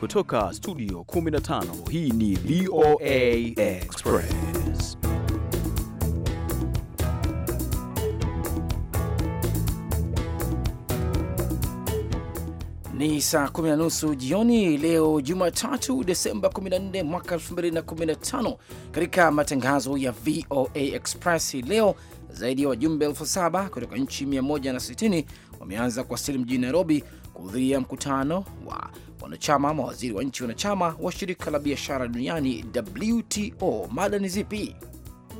Kutoka studio 15 hii ni VOA Express. Ni saa kumi na nusu jioni leo Jumatatu, Desemba 14 mwaka 2015. Katika matangazo ya VOA Express hii leo, zaidi ya wajumbe elfu saba kutoka nchi 160 wameanza kuwasili mjini Nairobi kuhudhuria mkutano wa wanachama mawaziri wa nchi wanachama wa shirika la biashara duniani WTO. Mada ni zipi?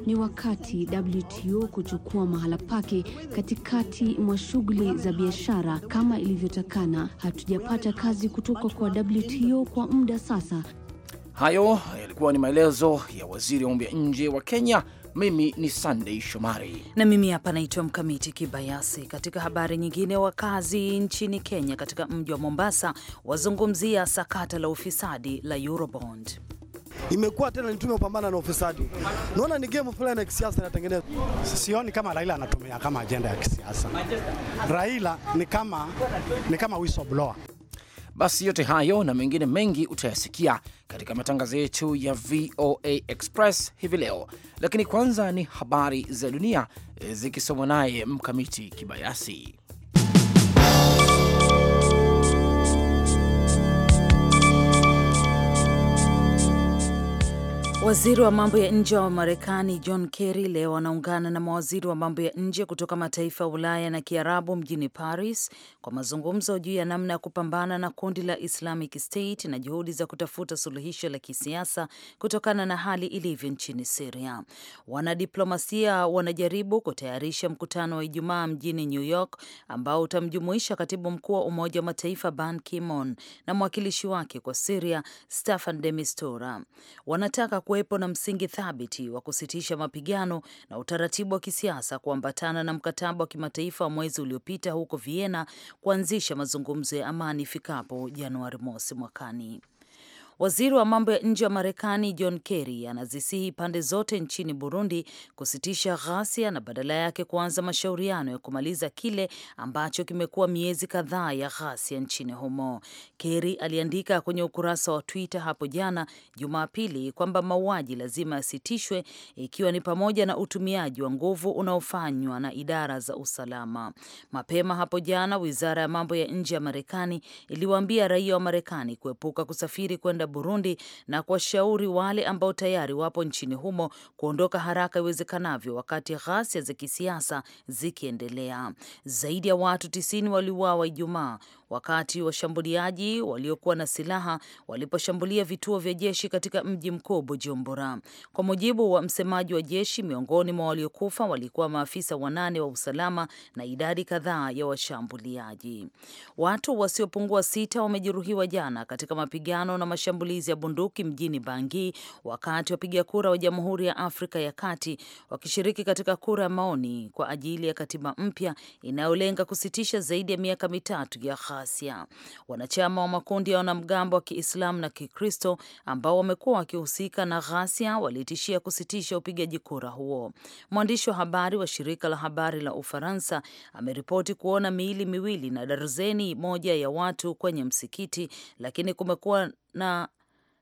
Ni wakati WTO kuchukua mahala pake katikati mwa shughuli za biashara kama ilivyotakana. Hatujapata kazi kutoka kwa WTO kwa muda sasa. Hayo yalikuwa ni maelezo ya waziri wa mambo ya nje wa Kenya mimi ni Sunday Shomari na mimi hapa naitwa Mkamiti Kibayasi. Katika habari nyingine, wakazi nchini Kenya katika mji wa Mombasa wazungumzia sakata la ufisadi la Eurobond. Imekuwa tena nitume kupambana na ufisadi. Naona ni game fulani ya kisiasa inatengenezwa. Sioni kama Raila anatumia kama ajenda ya kisiasa. Raila ni kama ni kama whistleblower. Basi yote hayo na mengine mengi utayasikia katika matangazo yetu ya VOA Express hivi leo, lakini kwanza ni habari za dunia eh, zikisomwa naye Mkamiti Kibayasi. Waziri wa mambo ya nje wa Marekani John Kerry leo anaungana na mawaziri wa mambo ya nje kutoka mataifa ya Ulaya na Kiarabu mjini Paris kwa mazungumzo juu ya namna ya kupambana na kundi la Islamic State na juhudi za kutafuta suluhisho la kisiasa kutokana na hali ilivyo nchini siria Wanadiplomasia wanajaribu kutayarisha mkutano wa Ijumaa mjini New York ambao utamjumuisha katibu mkuu wa Umoja wa Mataifa Ban Ki-moon na mwakilishi wake kwa siria Staffan de Mistura. Wanataka kuwepo na msingi thabiti wa kusitisha mapigano na utaratibu wa kisiasa kuambatana na mkataba wa kimataifa wa mwezi uliopita huko Vienna kuanzisha mazungumzo ya amani ifikapo Januari mosi mwakani. Waziri wa mambo ya nje wa Marekani John Kerry anazisihi pande zote nchini Burundi kusitisha ghasia na badala yake kuanza mashauriano ya kumaliza kile ambacho kimekuwa miezi kadhaa ya ghasia nchini humo. Kerry aliandika kwenye ukurasa wa Twitter hapo jana Jumapili kwamba mauaji lazima yasitishwe, ikiwa ni pamoja na utumiaji wa nguvu unaofanywa na idara za usalama. Mapema hapo jana, wizara ya mambo ya nje ya Marekani iliwaambia raia wa Marekani kuepuka kusafiri kwenda Burundi na kuwashauri wale ambao tayari wapo nchini humo kuondoka haraka iwezekanavyo wakati ghasia za kisiasa zikiendelea. Zaidi ya watu tisini waliuawa Ijumaa wakati washambuliaji waliokuwa na silaha waliposhambulia vituo vya jeshi katika mji mkuu Bujumbura. Kwa mujibu wa msemaji wa jeshi, miongoni mwa waliokufa walikuwa maafisa wanane wa usalama na idadi kadhaa ya washambuliaji. Watu wasiopungua sita wamejeruhiwa jana katika mapigano na mashambuliaji mashambulizi ya bunduki mjini Bangi wakati wapiga kura wa Jamhuri ya Afrika ya Kati wakishiriki katika kura ya maoni kwa ajili ya katiba mpya inayolenga kusitisha zaidi ya miaka mitatu ya ghasia. Wanachama wa makundi ya wanamgambo wa Kiislamu na Kikristo ambao wamekuwa wakihusika na ghasia walitishia kusitisha upigaji kura huo. Mwandishi wa habari wa shirika la habari la Ufaransa ameripoti kuona miili miwili na darzeni moja ya watu kwenye msikiti, lakini kumekuwa na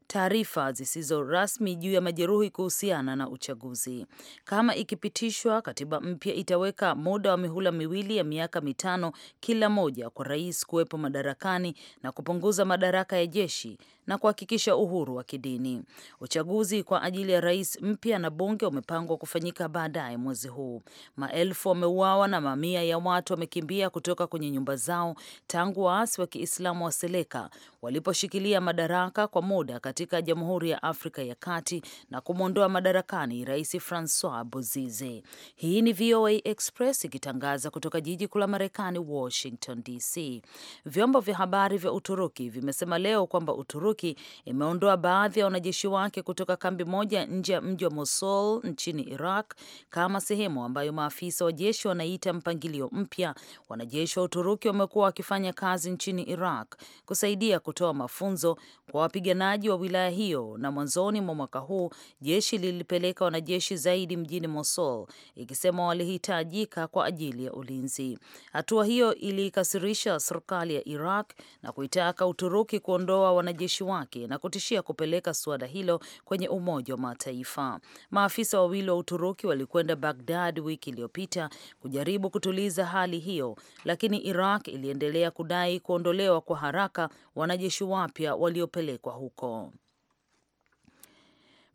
taarifa zisizo rasmi juu ya majeruhi kuhusiana na uchaguzi. Kama ikipitishwa, katiba mpya itaweka muda wa mihula miwili ya miaka mitano kila moja kwa rais kuwepo madarakani na kupunguza madaraka ya jeshi na kuhakikisha uhuru wa kidini. Uchaguzi kwa ajili ya rais mpya na bunge umepangwa kufanyika baadaye mwezi huu. Maelfu wameuawa na mamia ya watu wamekimbia kutoka kwenye nyumba zao tangu waasi wa Kiislamu wa Seleka waliposhikilia madaraka kwa muda katika Jamhuri ya Afrika ya Kati na kumwondoa madarakani Rais Francois Bozize. Hii ni VOA Express ikitangaza kutoka jiji kuu la Marekani, Washington DC. Vyombo vya habari vya Uturuki vimesema leo kwamba Uturuki Uturuki imeondoa baadhi ya wanajeshi wake kutoka kambi moja nje ya mji wa Mosul nchini Iraq kama sehemu ambayo maafisa wa jeshi wanaita mpangilio mpya. Wanajeshi wa Uturuki wamekuwa wakifanya kazi nchini Iraq kusaidia kutoa mafunzo kwa wapiganaji wa wilaya hiyo, na mwanzoni mwa mwaka huu jeshi lilipeleka wanajeshi zaidi mjini Mosul ikisema walihitajika kwa ajili ya ulinzi. Hatua hiyo iliikasirisha serikali ya Iraq na kuitaka Uturuki kuondoa wanajeshi wake na kutishia kupeleka suala hilo kwenye Umoja wa Mataifa. Maafisa wawili wa Uturuki walikwenda Bagdad wiki iliyopita kujaribu kutuliza hali hiyo, lakini Iraq iliendelea kudai kuondolewa kwa haraka wanajeshi wapya waliopelekwa huko.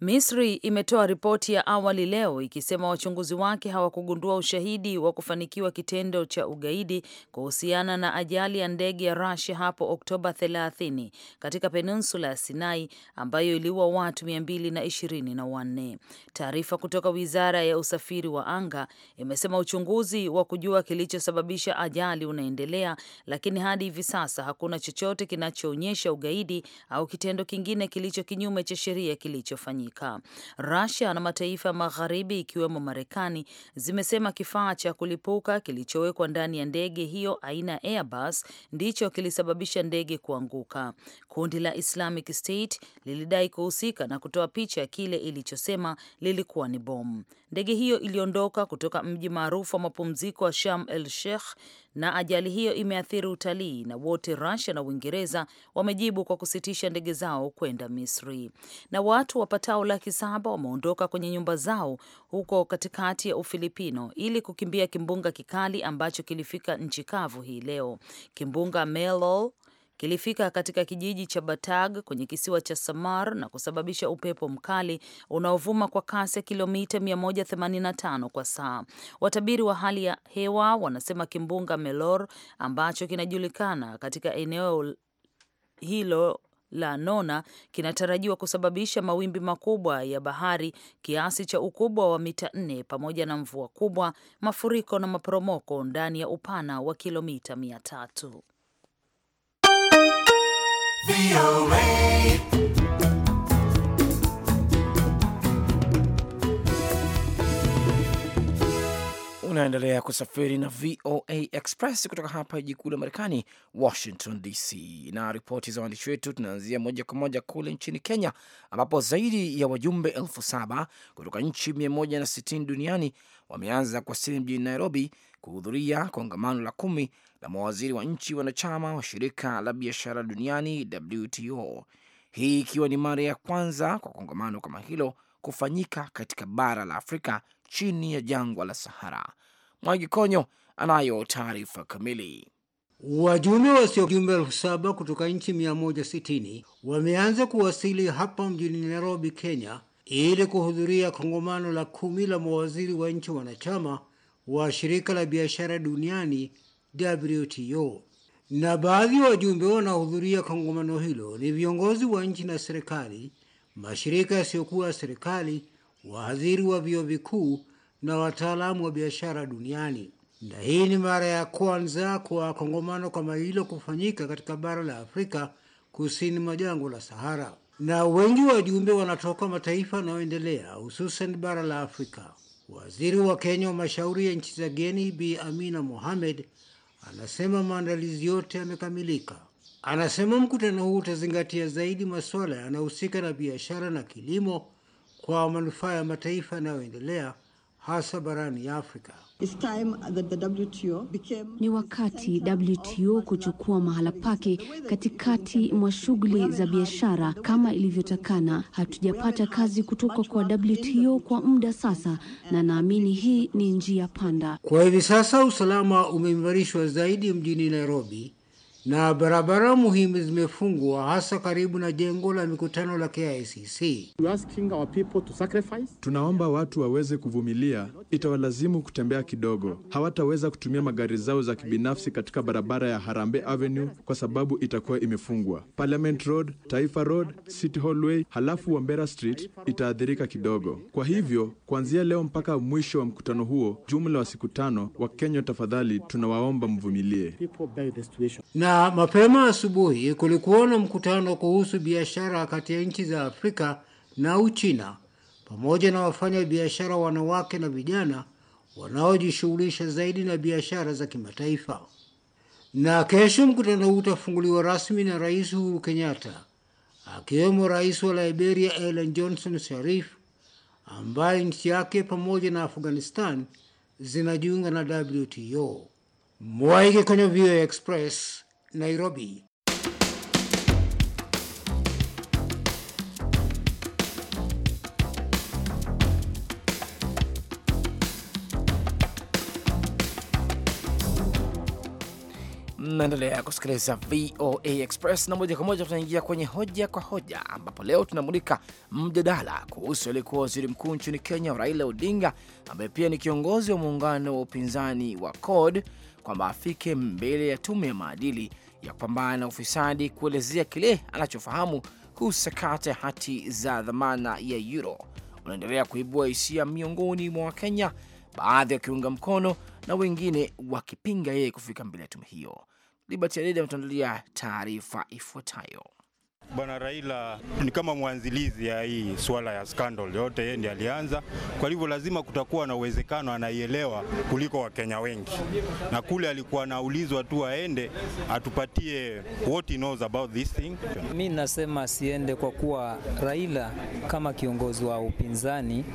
Misri imetoa ripoti ya awali leo ikisema wachunguzi wake hawakugundua ushahidi wa kufanikiwa kitendo cha ugaidi kuhusiana na ajali ya ndege ya Russia hapo Oktoba 30 katika peninsula ya Sinai ambayo iliua watu 224. Taarifa kutoka Wizara ya Usafiri wa Anga imesema uchunguzi wa kujua kilichosababisha ajali unaendelea, lakini hadi hivi sasa hakuna chochote kinachoonyesha ugaidi au kitendo kingine kilicho kinyume cha sheria kilichofanyika. Afrika. Russia na mataifa ya magharibi ikiwemo Marekani zimesema kifaa cha kulipuka kilichowekwa ndani ya ndege hiyo aina ya Airbus ndicho kilisababisha ndege kuanguka. Kundi la Islamic State lilidai kuhusika na kutoa picha ya kile ilichosema lilikuwa ni bomu. Ndege hiyo iliondoka kutoka mji maarufu wa mapumziko wa Sharm el Sheikh na ajali hiyo imeathiri utalii, na wote Russia na Uingereza wamejibu kwa kusitisha ndege zao kwenda Misri. Na watu wapatao laki saba wameondoka kwenye nyumba zao huko katikati ya Ufilipino ili kukimbia kimbunga kikali ambacho kilifika nchi kavu hii leo. Kimbunga Melol kilifika katika kijiji cha Batag kwenye kisiwa cha Samar na kusababisha upepo mkali unaovuma kwa kasi ya kilomita 185 kwa saa. Watabiri wa hali ya hewa wanasema kimbunga Melor ambacho kinajulikana katika eneo hilo la Nona kinatarajiwa kusababisha mawimbi makubwa ya bahari kiasi cha ukubwa wa mita nne pamoja na mvua kubwa, mafuriko na maporomoko ndani ya upana wa kilomita mia tatu. Unaendelea kusafiri na VOA Express kutoka hapa jiji kuu la Marekani, Washington DC, na ripoti za waandishi wetu. Tunaanzia moja kwa moja kule nchini Kenya, ambapo zaidi ya wajumbe elfu saba kutoka nchi 160 duniani wameanza kuwasili mjini Nairobi kuhudhuria kongamano la kumi la mawaziri wa nchi wanachama wa shirika la biashara duniani WTO, hii ikiwa ni mara ya kwanza kwa kongamano kama hilo kufanyika katika bara la Afrika chini ya jangwa la Sahara. Mwangi Konyo anayo taarifa kamili. Wajumbe wasiojumbe elfu saba kutoka nchi 160 wameanza kuwasili hapa mjini Nairobi, Kenya, ili kuhudhuria kongamano la kumi la mawaziri wa nchi wanachama wa shirika la biashara duniani WTO. Na baadhi ya wajumbe wanaohudhuria kongamano hilo ni viongozi wa nchi na serikali, mashirika yasiyokuwa serikali, wahadhiri wa vyuo vikuu na wataalamu wa biashara duniani. Na hii ni mara ya kwanza kwa kongamano kama hilo kufanyika katika bara la Afrika kusini mwa jangwa la Sahara, na wengi wa wajumbe wanatoka mataifa yanayoendelea hususan bara la Afrika. Waziri wa Kenya wa mashauri ya nchi za geni Bi Amina Mohamed anasema maandalizi yote yamekamilika. Anasema mkutano huu utazingatia zaidi masuala yanayohusika na biashara na kilimo kwa manufaa ya mataifa yanayoendelea hasa barani ya Afrika. It's time that the WTO became... ni wakati WTO kuchukua mahala pake katikati mwa shughuli za biashara kama ilivyotakana. Hatujapata kazi kutoka kwa WTO kwa muda sasa, na naamini hii ni njia panda. Kwa hivi sasa usalama umeimarishwa zaidi mjini Nairobi na barabara muhimu zimefungwa hasa karibu na jengo la mikutano la KICC. Tunaomba watu waweze kuvumilia, itawalazimu kutembea kidogo. Hawataweza kutumia magari zao za kibinafsi katika barabara ya harambe Avenue kwa sababu itakuwa imefungwa. Parliament Road, Taifa Road, City Hallway, halafu Wambera Street itaathirika kidogo. Kwa hivyo, kuanzia leo mpaka mwisho wa mkutano huo, jumla wa siku tano, Wakenya tafadhali tunawaomba mvumilie na mapema asubuhi kulikuwa na mkutano kuhusu biashara kati ya nchi za Afrika na Uchina pamoja na wafanya biashara wanawake na vijana wanaojishughulisha zaidi na biashara za kimataifa. Na kesho mkutano huu utafunguliwa rasmi na Rais Uhuru Kenyatta akiwemo Rais wa Liberia Ellen Johnson Sirleaf ambaye nchi yake pamoja na Afghanistan zinajiunga na WTO. Mwaige kwenye VOA Express. Nairobi. Naendelea kusikiliza VOA Express na moja kwa moja tunaingia kwenye hoja kwa hoja, ambapo leo tunamulika mjadala kuhusu aliyekuwa waziri mkuu nchini Kenya Raila Odinga, ambaye pia ni kiongozi wa muungano wa upinzani wa CORD kwamba afike mbele ya tume ya maadili ya kupambana na ufisadi kuelezea kile anachofahamu kuhusu sakata ya hati za dhamana ya euro unaendelea kuibua hisia miongoni mwa Wakenya, baadhi wakiunga mkono na wengine wakipinga yeye kufika mbele ya tume hiyo. Liberty Adede ametuandalia taarifa ifuatayo. Bwana Raila ni kama mwanzilizi ya hii swala ya scandal yote, yeye ndiye alianza. Kwa hivyo lazima kutakuwa na uwezekano anaielewa kuliko Wakenya wengi, na kule alikuwa anaulizwa tu aende atupatie what he knows about this thing. Mi nasema asiende, kwa kuwa Raila kama kiongozi wa upinzani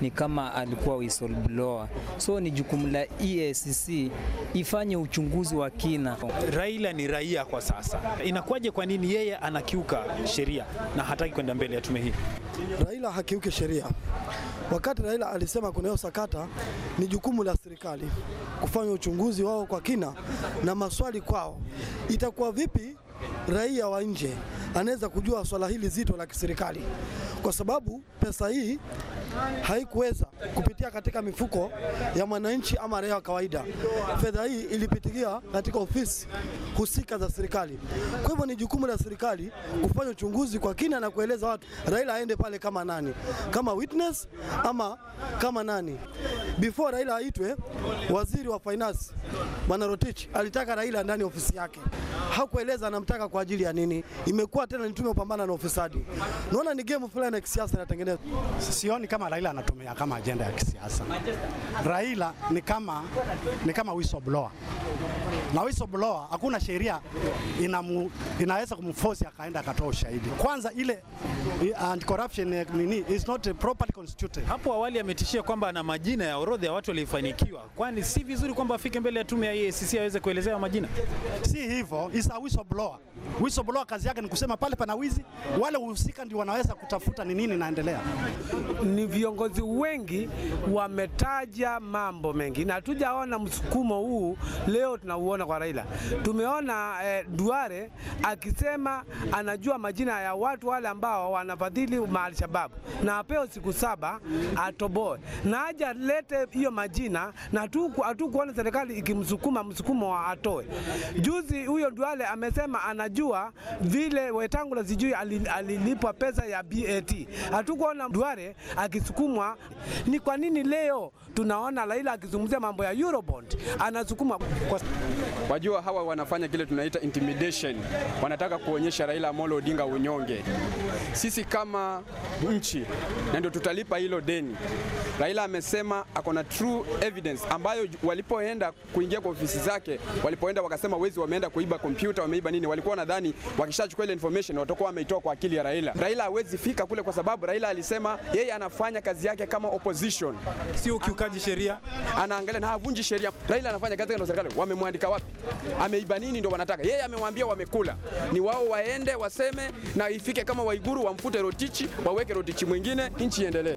ni kama alikuwa whistleblower, so ni jukumu la EACC ifanye uchunguzi wa kina. Raila ni raia kwa sasa, inakuwaje? Kwa nini yeye anakiuka sheria na hataki kwenda mbele ya tume hii. Raila hakiuki sheria. Wakati Raila alisema kuna hiyo sakata, ni jukumu la serikali kufanya uchunguzi wao kwa kina na maswali kwao. Itakuwa vipi raia wa nje anaweza kujua swala hili zito la kiserikali, kwa sababu pesa hii haikuweza kupitia katika mifuko ya mwananchi ama raia wa kawaida. Fedha hii ilipitikia katika ofisi husika za serikali. Kwa hivyo ni jukumu la serikali kufanya uchunguzi kwa kina na kueleza watu Raila aende pale kama nani, kama witness ama kama nani. Before Raila aitwe waziri wa finance, Bwana Rotich alitaka Raila ndani ofisi yake, hakueleza anamtaka kwa ajili ya nini. Imekuwa tena nitume tume kupambana na ufisadi. Naona ni game fulani ya kisiasa inatengenezwa, sioni kama kama Raila anatumia kama ajenda ya kisiasa. Raila ni kama, ni kama whistleblower na whistleblower, hakuna sheria inamu, inaweza kumforce akaenda akatoa ushahidi. Kwanza ile anti-corruption nini is not properly constituted. Hapo awali ametishia kwamba ana majina ya orodha ya watu waliofanikiwa, kwani si vizuri kwamba afike mbele ya tume ya EACC aweze kuelezea majina? Si hivyo, is a whistleblower Whistleblower kazi yake ni kusema pale pana wizi, wale husika ndio wanaweza kutafuta ni nini naendelea. Ni viongozi wengi wametaja mambo mengi na hatujaona msukumo huu leo tunauona kwa Raila. Tumeona eh, Duare akisema anajua majina ya watu wale ambao wanafadhili maalshababu na apeo siku saba atoboe na aja lete hiyo majina, na hatukuona serikali ikimsukuma msukumo wa atoe. Juzi huyo Duale amesema anajua kujua vile Wetangula sijui alilipwa pesa ya BAT. Hatukuona Duale akisukumwa. Ni kwa nini leo tunaona Raila akizungumzia mambo ya Eurobond anasukumwa kwa... Wajua hawa wanafanya kile tunaita intimidation, wanataka kuonyesha Raila Amolo Odinga unyonge. Sisi kama nchi na ndio tutalipa hilo deni. Raila amesema ako na true evidence ambayo walipoenda kuingia kwa ofisi zake, walipoenda wakasema wezi wameenda kuiba kompyuta, wameiba nini, walikuwa wanadhani gani, wakishachukua ile information watakuwa wameitoa kwa akili ya Raila. Raila hawezi fika kule kwa sababu Raila alisema yeye anafanya kazi yake kama opposition, sio ukiukaji sheria, anaangalia na havunji sheria. Raila anafanya kazi yake na serikali, wamemwandika wapi? Ameiba nini? Ndio wanataka yeye, amewaambia wamekula, ni wao waende waseme, na ifike kama Waiguru wamfute Rotichi, waweke Rotichi mwingine, nchi iendelee.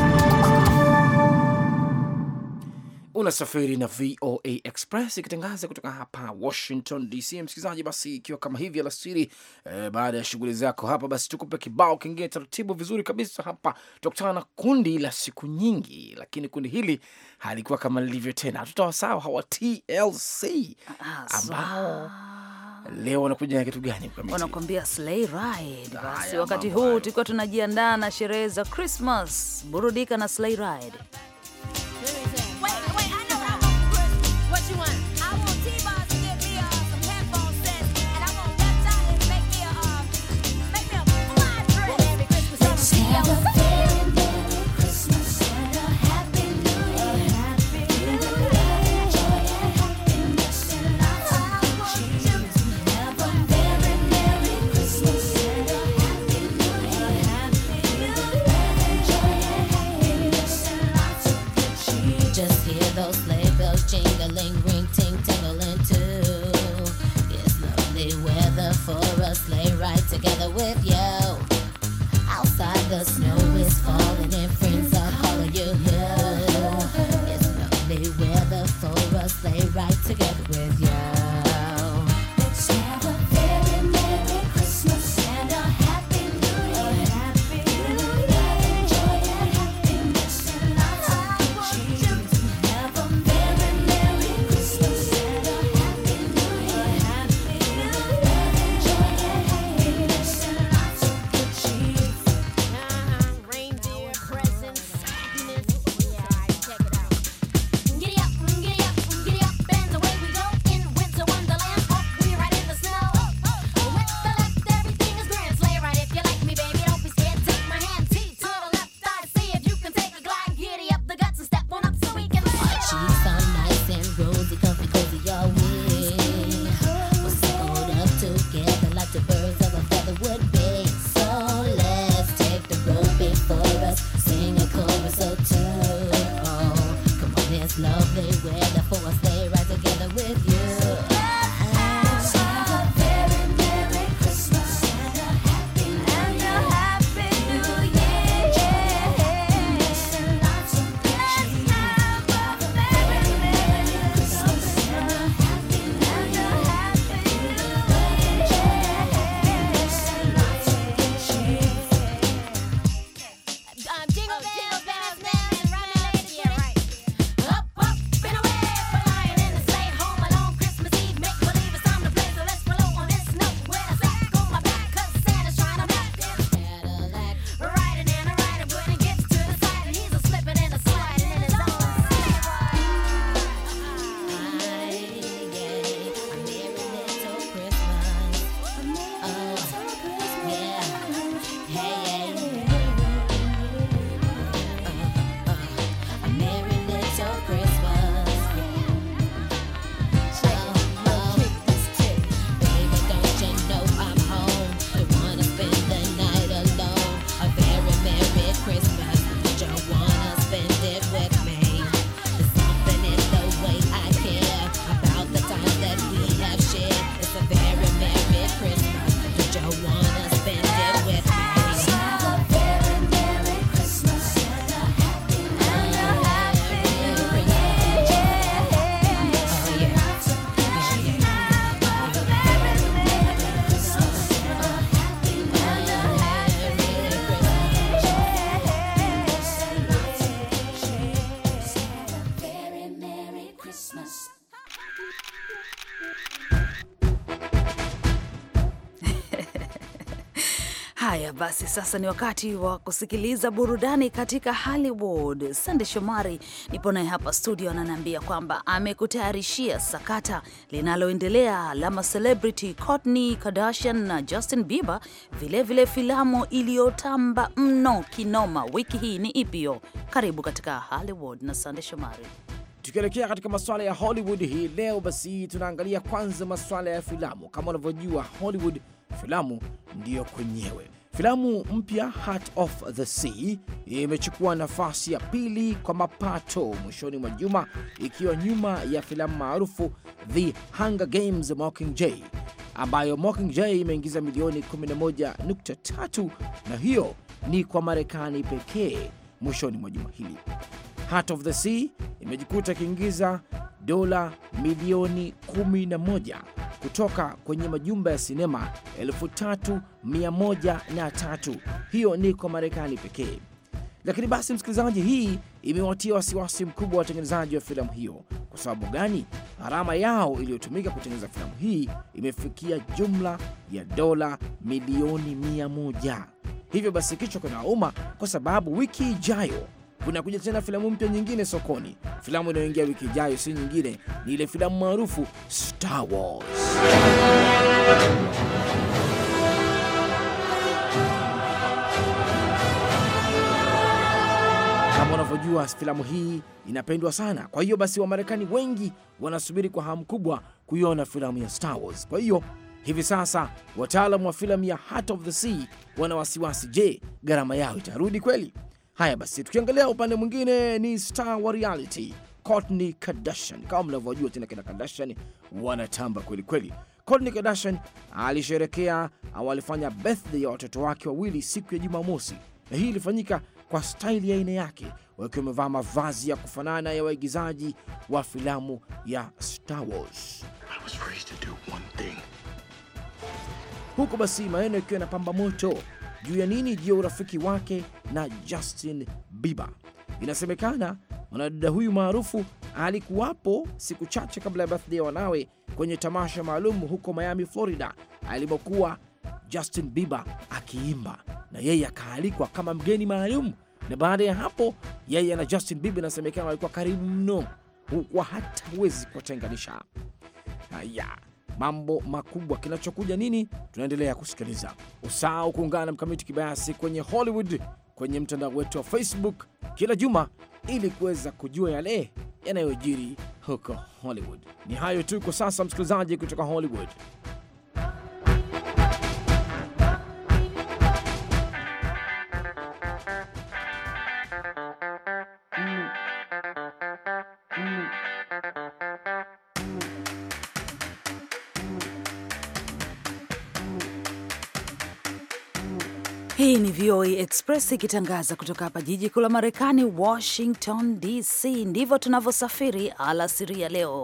Unasafiri na VOA Express ikitangaza kutoka hapa Washington DC. Msikilizaji, basi ikiwa kama hivi alasiri, e, baada ya shughuli zako hapa, basi tukupe kibao kingine taratibu vizuri kabisa. Hapa tutakutana na kundi la siku nyingi, lakini kundi hili halikuwa kama lilivyo tena. Hatutawasahau hawa TLC ambao leo wanakuja na kitu gani? Wanakuambia sleigh ride. Basi wakati huu tukiwa tunajiandaa na sherehe za Christmas, burudika na sleigh ride. Basi sasa ni wakati wa kusikiliza burudani katika Hollywood. Sande Shomari nipo naye hapa studio, ananiambia kwamba amekutayarishia sakata linaloendelea la macelebrity Courtney Kardashian na Justin Bieber, vilevile filamu iliyotamba mno kinoma wiki hii ni ipio? Karibu katika Hollywood na Sande Shomari. Tukielekea katika masuala ya Hollywood hii leo, basi tunaangalia kwanza masuala ya filamu. Kama unavyojua Hollywood, filamu ndiyo kwenyewe Filamu mpya Heart of the Sea imechukua nafasi ya pili kwa mapato mwishoni mwa juma, ikiwa nyuma ya filamu maarufu The Hunger Games Mockingjay ambayo Mockingjay imeingiza milioni 11.3 na hiyo ni kwa Marekani pekee mwishoni mwa juma hili. Heart of the Sea imejikuta ikiingiza dola milioni 11 kutoka kwenye majumba ya sinema 3103. Hiyo ni kwa Marekani pekee. Lakini basi, msikilizaji, hii imewatia wasiwasi mkubwa wa watengenezaji wa filamu hiyo. Kwa sababu gani? Gharama yao iliyotumika kutengeneza filamu hii imefikia jumla ya dola milioni 100. Hivyo basi, kichwa kinauma, kwa sababu wiki ijayo kunakuja tena filamu mpya nyingine sokoni. Filamu inayoingia wiki ijayo si nyingine, ni ile filamu maarufu Star Wars. Kama unavyojua filamu hii inapendwa sana, kwa hiyo basi Wamarekani wengi wanasubiri kwa hamu kubwa kuiona filamu ya Star Wars. Kwa hiyo hivi sasa wataalamu wa filamu ya Heart of the Sea wana wasiwasi, je, gharama yao itarudi kweli? Haya basi, tukiangalia upande mwingine ni star wa reality Kourtney Kardashian. Kama mnavyojua tena, kina Kardashian wanatamba kweli kweli. Kourtney Kardashian alisherekea au alifanya birthday ya watoto wake wawili siku ya Jumamosi, na hii ilifanyika kwa staili ya aina yake, wakiwa wamevaa mavazi ya kufanana ya waigizaji wa filamu ya Star Wars. Huko basi, maneno yakiwa yanapamba moto juu ya nini juu ya urafiki wake na Justin Bieber. Inasemekana mwanadada huyu maarufu alikuwapo siku chache kabla ya birthday ya wanawe kwenye tamasha maalum huko Miami, Florida, alipokuwa Justin Bieber akiimba na yeye akaalikwa kama mgeni maalum. Na baada ya hapo, yeye na Justin Bieber inasemekana walikuwa karibu mno, hukuwa hata huwezi kuwatenganisha. Haya, mambo makubwa. Kinachokuja nini? Tunaendelea kusikiliza. Usahau kuungana na Mkamiti Kibayasi kwenye Hollywood kwenye mtandao wetu wa Facebook kila juma ili kuweza kujua yale yanayojiri huko Hollywood. Ni hayo tu kwa sasa, msikilizaji, kutoka Hollywood. Hii ni VOA Express ikitangaza kutoka hapa jiji kuu la Marekani, Washington DC. Ndivyo tunavyosafiri alasiri ya leo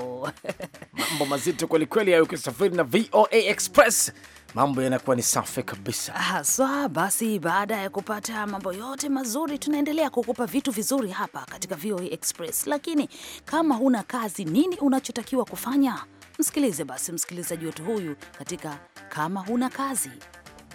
mambo mazito kwelikweli hayo, ukisafiri na VOA Express mambo yanakuwa ni safi kabisa haswa. So, basi baada ya kupata mambo yote mazuri, tunaendelea kukupa vitu vizuri hapa katika VOA Express. Lakini kama huna kazi, nini unachotakiwa kufanya? Msikilize basi msikilizaji wetu huyu katika kama huna kazi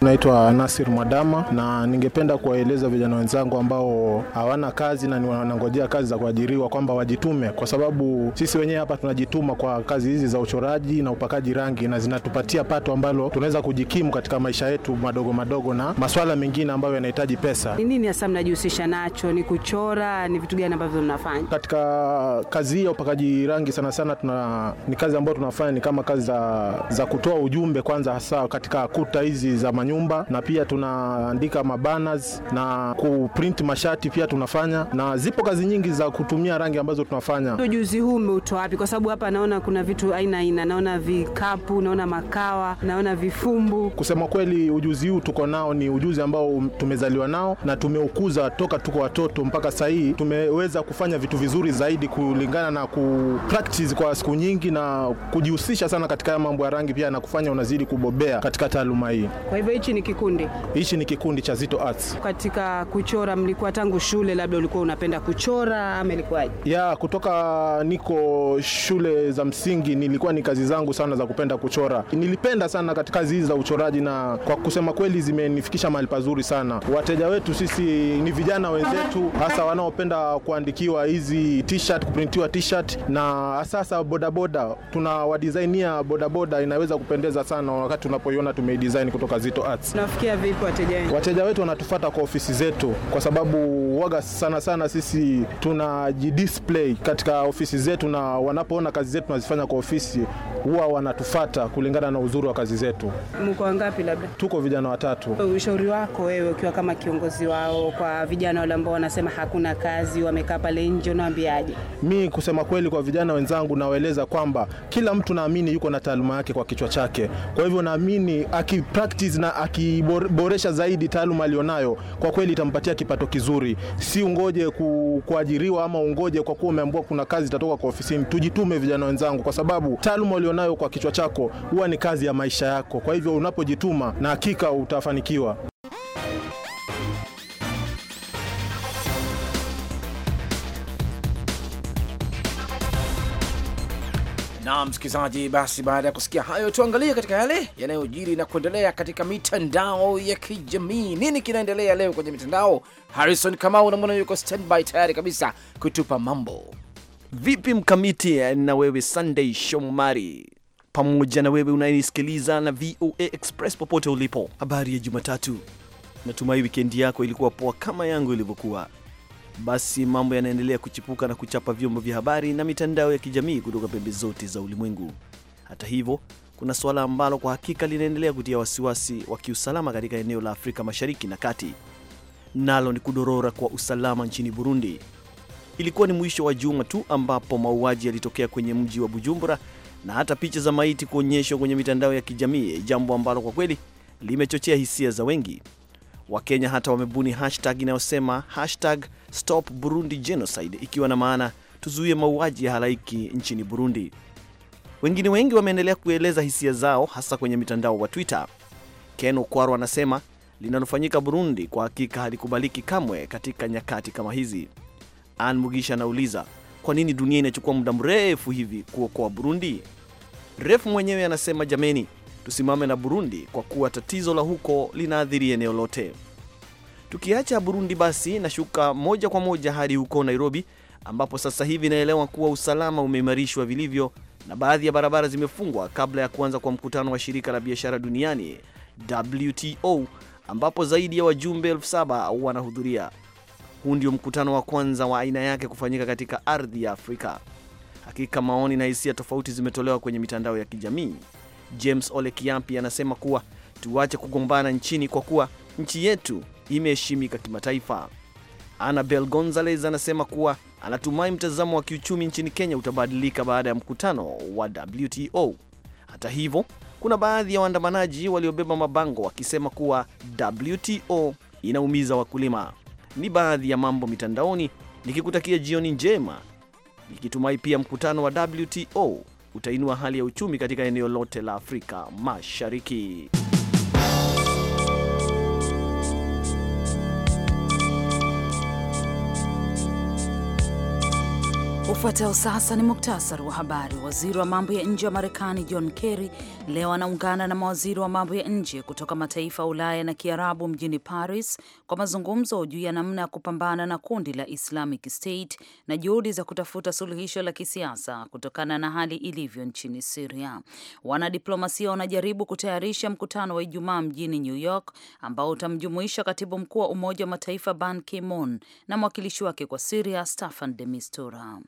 Naitwa Nasir Mwadama na ningependa kuwaeleza vijana wenzangu ambao hawana kazi na wanangojea kazi za kuajiriwa kwamba wajitume, kwa sababu sisi wenyewe hapa tunajituma kwa kazi hizi za uchoraji na upakaji rangi, na zinatupatia pato ambalo tunaweza kujikimu katika maisha yetu madogo madogo na maswala mengine ambayo yanahitaji pesa. Ni nini hasa mnajihusisha nacho? Ni kuchora? Ni vitu gani ambavyo mnafanya katika kazi hii ya upakaji rangi? Sana sana tuna, ni kazi ambayo tunafanya ni kama kazi za, za kutoa ujumbe kwanza, hasa katika kuta hizi za manyu nyumba, na pia tunaandika mabanners na kuprint mashati pia tunafanya, na zipo kazi nyingi za kutumia rangi ambazo tunafanya. Ujuzi huu umeutoa wapi? Kwa sababu hapa naona kuna vitu aina aina, naona vikapu, naona makawa, naona vifumbu. Kusema kweli, ujuzi huu tuko nao ni ujuzi ambao um, tumezaliwa nao na tumeukuza toka tuko watoto mpaka sasa hii tumeweza kufanya vitu vizuri zaidi kulingana na ku practice kwa siku nyingi na kujihusisha sana katika mambo ya rangi pia na kufanya unazidi kubobea katika taaluma hii. Kwa hivyo hichi ni kikundi, hichi ni kikundi cha Zito Arts. Katika kuchora mlikuwa tangu shule, labda ulikuwa unapenda kuchora ama ilikuwaje? Ya kutoka niko shule za msingi, nilikuwa ni kazi zangu sana za kupenda kuchora. Nilipenda sana katika kazi hizi za uchoraji, na kwa kusema kweli zimenifikisha mahali pazuri sana. Wateja wetu sisi ni vijana wenzetu, hasa wanaopenda kuandikiwa hizi t-shirt, kuprintiwa t-shirt na sasa bodaboda, tuna wadisainia bodaboda, inaweza kupendeza sana wakati tunapoiona tumeidesign kutoka Zito Arts. Nafikia vipi wateja wetu? Wateja wetu wanatufuata kwa ofisi zetu, kwa sababu waga sana sana sisi tunajidisplay katika ofisi zetu, na wanapoona kazi zetu tunazifanya kwa ofisi huwa wanatufata kulingana na uzuri wa kazi zetu. Mko wangapi? Labda tuko vijana watatu. Ushauri wako wewe ukiwa kama kiongozi wao kwa vijana wale ambao wanasema hakuna kazi, wamekaa pale nje, unawaambiaje? Mi kusema kweli, kwa vijana wenzangu nawaeleza kwamba kila mtu naamini yuko na taaluma yake kwa kichwa chake. Kwa hivyo naamini aki na akiboresha zaidi taaluma alionayo, kwa kweli itampatia kipato kizuri. Si ungoje kuajiriwa ama ungoje kwa kuwa umeambiwa kuna kazi itatoka kwa ofisini. Tujitume vijana wenzangu, kwa sababu taaluma ulionayo kwa kichwa chako huwa ni kazi ya maisha yako. Kwa hivyo unapojituma, na hakika utafanikiwa. msikilizaji, basi baada ya kusikia hayo, tuangalie katika yale yanayojiri na kuendelea katika mitandao ya kijamii. Nini kinaendelea leo kwenye mitandao? Harrison Kamau namwona yuko standby tayari kabisa kutupa mambo. Vipi mkamiti na wewe Sunday Shomari pamoja na wewe unayenisikiliza na VOA Express popote ulipo, habari ya Jumatatu. Natumai wikendi yako ilikuwa poa kama yangu ilivyokuwa basi mambo yanaendelea kuchipuka na kuchapa vyombo vya habari na mitandao ya kijamii kutoka pembe zote za ulimwengu. Hata hivyo, kuna suala ambalo kwa hakika linaendelea kutia wasiwasi wa kiusalama katika eneo la Afrika Mashariki na Kati, nalo ni kudorora kwa usalama nchini Burundi. Ilikuwa ni mwisho wa juma tu ambapo mauaji yalitokea kwenye mji wa Bujumbura na hata picha za maiti kuonyeshwa kwenye mitandao ya kijamii, jambo ambalo kwa kweli limechochea hisia za wengi Wakenya hata wamebuni hashtag inayosema hashtag stop Burundi genocide, ikiwa na maana tuzuie mauaji ya halaiki nchini Burundi. Wengine wengi wameendelea kueleza hisia zao hasa kwenye mitandao wa Twitter. Ken Okwaro anasema linalofanyika Burundi kwa hakika halikubaliki kamwe katika nyakati kama hizi. Ann Mugisha anauliza kwa nini dunia inachukua muda mrefu hivi kuokoa Burundi? Refu mwenyewe anasema jameni, tusimame na Burundi kwa kuwa tatizo la huko linaathiri eneo lote. Tukiacha Burundi basi, nashuka moja kwa moja hadi huko Nairobi, ambapo sasa hivi naelewa kuwa usalama umeimarishwa vilivyo na baadhi ya barabara zimefungwa kabla ya kuanza kwa mkutano wa shirika la biashara duniani WTO, ambapo zaidi ya wajumbe elfu saba wanahudhuria. Huu ndio mkutano wa kwanza wa aina yake kufanyika katika ardhi ya Afrika. Hakika maoni na hisia tofauti zimetolewa kwenye mitandao ya kijamii James Ole Kiampi anasema kuwa tuache kugombana nchini kwa kuwa nchi yetu imeheshimika kimataifa. Anabel Gonzalez anasema kuwa anatumai mtazamo wa kiuchumi nchini Kenya utabadilika baada ya mkutano wa WTO. Hata hivyo, kuna baadhi ya waandamanaji waliobeba mabango wakisema kuwa WTO inaumiza wakulima. Ni baadhi ya mambo mitandaoni, nikikutakia jioni njema, nikitumai pia mkutano wa WTO utainua hali ya uchumi katika eneo lote la Afrika Mashariki. Ufuatao sasa ni muktasari wa habari. Waziri wa mambo ya nje wa Marekani John Kerry leo anaungana na mawaziri wa mambo ya nje kutoka mataifa ya Ulaya na Kiarabu mjini Paris kwa mazungumzo juu ya namna ya kupambana na kundi la Islamic State na juhudi za kutafuta suluhisho la kisiasa kutokana na hali ilivyo nchini Siria. Wanadiplomasia wanajaribu kutayarisha mkutano wa Ijumaa mjini New York ambao utamjumuisha katibu mkuu wa Umoja wa Mataifa Ban Ki-moon na mwakilishi wake kwa Siria Staffan de Mistura.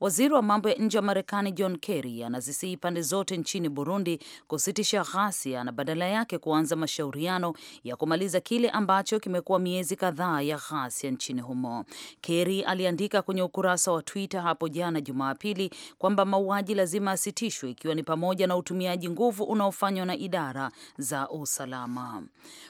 Waziri wa mambo ya nje wa Marekani John Kerry anazisihi pande zote nchini Burundi kusitisha ghasia na badala yake kuanza mashauriano ya kumaliza kile ambacho kimekuwa miezi kadhaa ya ghasia nchini humo. Kerry aliandika kwenye ukurasa wa Twitter hapo jana Jumapili kwamba mauaji lazima asitishwe, ikiwa ni pamoja na utumiaji nguvu unaofanywa na idara za usalama.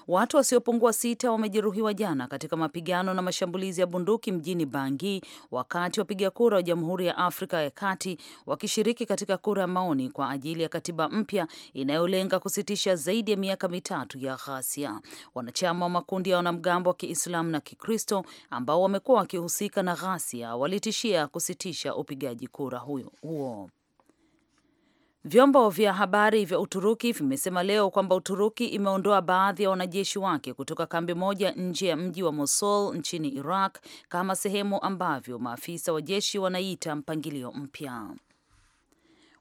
Watu wasiopungua sita wamejeruhiwa jana katika mapigano na mashambulizi ya bunduki mjini Bangi wakati wapiga kura wa Jamhuri ya Afrika ya Kati wakishiriki katika kura ya maoni kwa ajili ya katiba mpya inayolenga kusitisha zaidi ya miaka mitatu ya ghasia. Wanachama wa makundi ya wanamgambo wa Kiislamu na Kikristo ambao wamekuwa wakihusika na ghasia walitishia kusitisha upigaji kura huyo huo. Vyombo vya habari vya Uturuki vimesema leo kwamba Uturuki imeondoa baadhi ya wanajeshi wake kutoka kambi moja nje ya mji wa Mosul nchini Iraq kama sehemu ambavyo maafisa wa jeshi wanaita mpangilio mpya.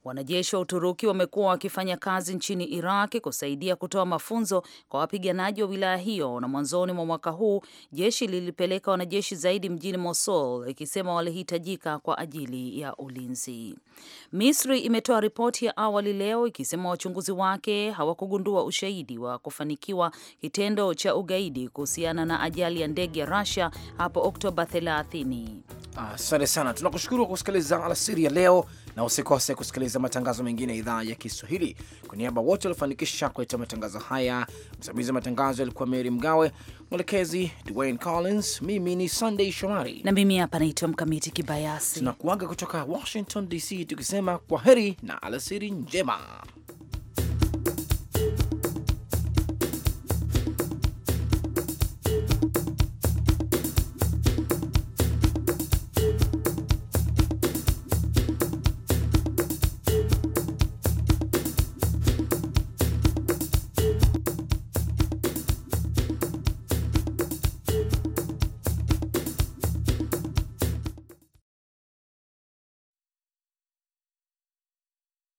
Wanajeshi wa Uturuki wamekuwa wakifanya kazi nchini Iraq kusaidia kutoa mafunzo kwa wapiganaji wa wilaya hiyo, na mwanzoni mwa mwaka huu jeshi lilipeleka wanajeshi zaidi mjini Mosul ikisema walihitajika kwa ajili ya ulinzi. Misri imetoa ripoti ya awali leo ikisema wachunguzi wake hawakugundua ushahidi wa kufanikiwa kitendo cha ugaidi kuhusiana na ajali ya ndege ya Russia hapo Oktoba 30. Asante sana, tunakushukuru kwa kusikiliza alasiri ya leo, na usikose kusikiliza matangazo mengine ya idhaa ya Kiswahili. Kwa niaba wote waliofanikisha kuleta matangazo haya, msimamizi wa matangazo yalikuwa Mary Mgawe, mwelekezi Dwayne Collins, mimi ni Sunday Shomari na mimi hapa naitwa Mkamiti Kibayasi. Tunakuaga kutoka Washington DC tukisema kwa heri na alasiri njema.